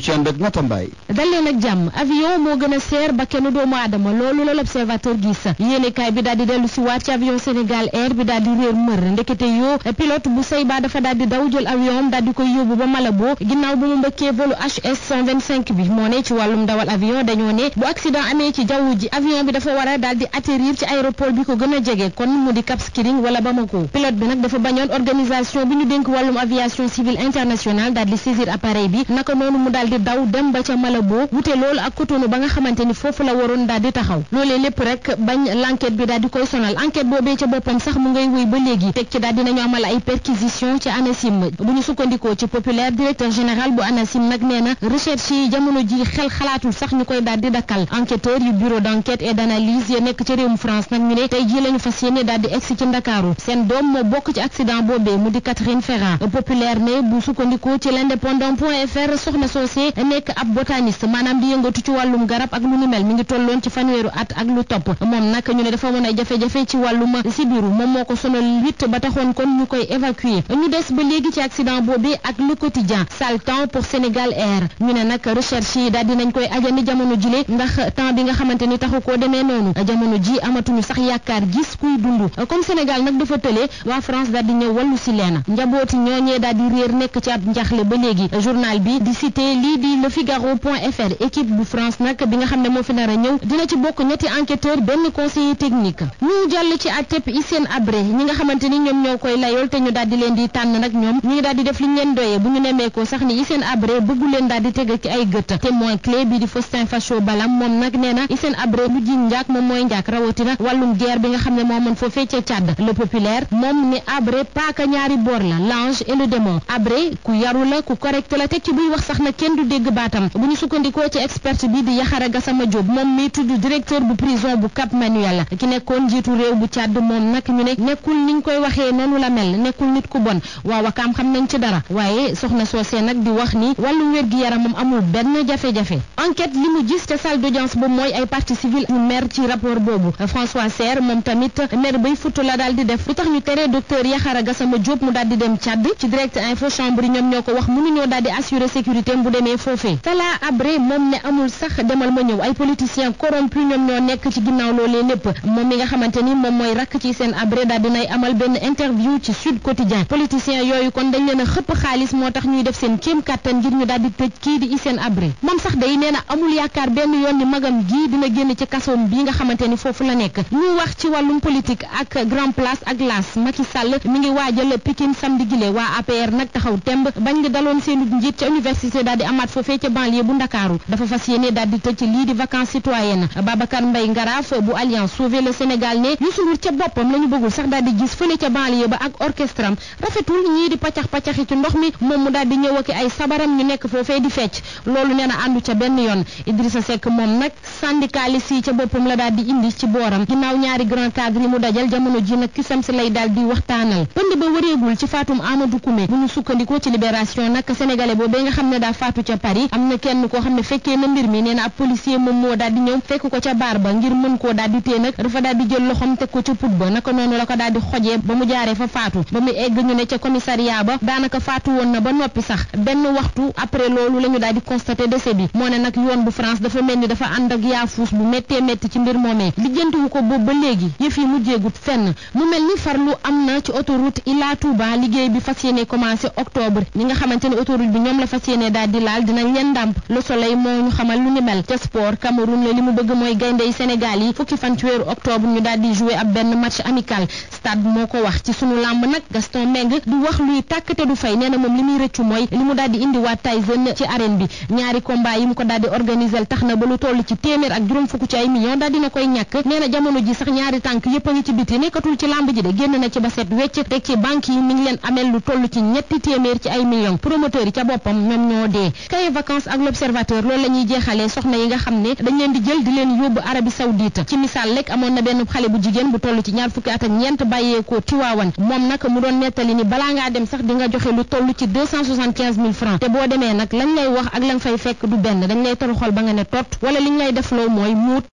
ci ànd ak nattambaay dal leen ak jàmm avion moo gën a seer ba kenn doomu aadama loolu la l'observateur gis yéenekaay bi daal di dellu si waat ci avion Sénégal Air bi daal réer mër ndekete yoo pilote bu say dafa daal daw jël avion am koy yóbbu ba Malabo ginnaaw bu mu mbëkkee volu HS 125 bi moo ne ci wàllum dawal avion dañoo ne bu accident amee ci jaww ji avion bi dafa war a daal di atterrir ci aéroport bi ko gën a jege kon mu di Cap Skirring wala Bamako bi daal di daw dem ba ca Malabo wute loolu ak Cotonou ba nga xamante ni foofu la waroon daal di taxaw loolee lépp rek bañ l'enquête bi daal di koy sonal enquête boobee ca boppam sax mu ngay wéy ba léegi teg ci daal dinañu amal ay perquisition ci ANACIM bu ñu sukkandikoo ci populaire directeur général bu ANACIM nag nee na yi jamono ji xel xalaatul sax ñu koy daal di dakkal enquêteur yu bureau d'enquête et d'analyse ya nekk ci réewum France nag ñu ne Mbacké nekk ab botaniste maanaam di yëngatu ci wàllum garab ak lu ni mel mi ngi tolloon ci fanweeru at ak lu topp moom nag ñu ne dafa mën ay jafe-jafe ci wàllum sibiru moom moo ko sonal huit ba taxoon kon ñu koy évacuer ñu des ba léegi ci accident boobu ak le quotidien sale pour Sénégal Air ñu ne nag recherche yi daal dinañ koy ajandi jamono jile ndax temps bi nga xamante ni taxu koo demee noonu jamono ji amatuñu sax yaakaar gis kuy dund comme Sénégal nag dafa tëlee waa France daal di ñëw wàllu si leen njabooti ñooñee daal di réer nekk ci ab njaxle ba léegi lii di le figaro point fr équipe bu France nag bi nga xam ne moo fi nar a ñëw dina ci bokk ñetti enquêteur benn conseiller technique ñu jàll ci àtteb Hissène Habré ñi nga xamante ni ñoom ñoo koy layool te ñu daal leen di tànn nag ñoom ñu ngi def li ñu nemmeekoo sax ni Hissène Habré bëggu leen daal teg ci ay gët témoin clé bi di Faustin Facho Balam moom nag nee na Hissène Habré lu ji njaak moom mooy njaak rawatina wàllum guerre bi nga xam kenn du dégg baatam bu ñu sukkandikoo ci expert bi di Yaxara Gassama Diop moom mi tudd directeur bu prison bu Cap Manuel ki nekkoon njiitu réew bu Tchad moom nag ñu ne nekkul niñ koy waxee noonu la mel nekkul nit ku bon waaw wakaam xam nañ ci dara waaye soxna soosee nag di wax ni wàllu wér gi yaramam amul benn jafe-jafe enquête li mu gis ca salle d'audience ba mooy ay partie civile mer ci rapport boobu François Serre moom tamit mer bay futt la daal di def lu tax ñu tere demee foofee Salah Habré moom ne amul sax demal ma ñëw ay politiciens corrompus ñoom ñoo nekk ci ginnaaw loolee lépp moom mi nga xamante ni moom mooy rakk ci seen Habré daal dinay amal benn interview ci Sud Quotidien politicien yooyu kon dañ leen a xëpp xaalis moo tax ñuy def seen kéem kattan ngir ñu daal di tëj kii di Hissène Habré moom sax day nee na amul yaakaar benn yoon ni magam gii dina génn ci kasoom bi nga xamante ni foofu la nekk ñu wax ci wàllum politique ak grand place ak las Macky Sall mi ngi waajal Pikine samedi gile waa APR nag taxaw temb bañ nga daloon seen njiit ca université daal di amaat foofee ca banlieue bu ndakaaru dafa fas yéene daal di tëj lii di vacances citoyennes Babacar Mbaye Ngaraaf bu Alliance Sauver le Sénégal ne Youssou Ndour ca boppam la bëggul sax daal di gis fële ca banlieue ba ak orchestre am rafetul ñii di paccax-paccaxi ci ndox mi moom mu daal di ñëw ak ay sabaram ñu nekk foofee di fecc loolu nee na àndu ca benn yoon Idrissa Seck moom nag syndicaliste yi ca boppam la daal di indi ci booram ginnaaw ñaari grand cadre yi mu dajal jamono ji nag kisam si lay daal di waxtaanal faatu ca Paris am na kenn koo xam ne fekkee na mbir mi nee na ab policier moom moo daal di ñëw fekk ko ca baar ba ngir mën koo daal di nag dafa daal jël loxoom teg ko ca put ba naka noonu la ko daal di ba mu jaaree faatu ba mu egg ñu ne ca commissariat ba daanaka faatu woon na ba noppi sax benn waxtu après loolu la ñu daal di bi moo ne nag yoon bu France dafa mel ni dafa ànd ak yaafuus bu méttee métti ci mbir moomee lijjantiwu ko boobu ba léegi laal dinañ leen ndàmp Le Soleil moo ñu xamal lu ni mel ca sport Cameroun la li mu bëgg mooy gayndey Sénégal yi fukki fan ci weeru ñu daal di jouer ab benn match amical stade moo ko wax ci sunu làmb nag Gaston Mbengue du wax luy tàkk te du fay nee na moom li muy rëccu mooy li mu daal di indiwaat Tyson ci arène bi ñaari combat yi mu ko daal di organiser tax na ba lu toll ci téeméer ak juróom fukk ci ay millions daal koy ñàkk nee jamono ji sax ñaari a ngi ci biti nekkatul ci làmb ji de génn na ci ba set wecc teg ci banque yi mi ngi leen amel lu toll kay vacances ak l'observateur loolu la ñuy jeexalee soxna yi nga xam ne dañ leen di jël di leen yóbbu Arabie Saoudite ci misaal rek amoon na benn xale bu jigéen bu toll ci ñaar fukki at ak ñeent bàyyeekoo Tiwaawan moom nag mu doon nettali ni balaa ngaa dem sax di nga joxe lu toll ci deux cent soixante quinze mille francs te boo demee nag lañ lay wax ak lañ fay fekk du benn dañ lay toroxal ba nga ne tot wala liñ lay def loo mooy muut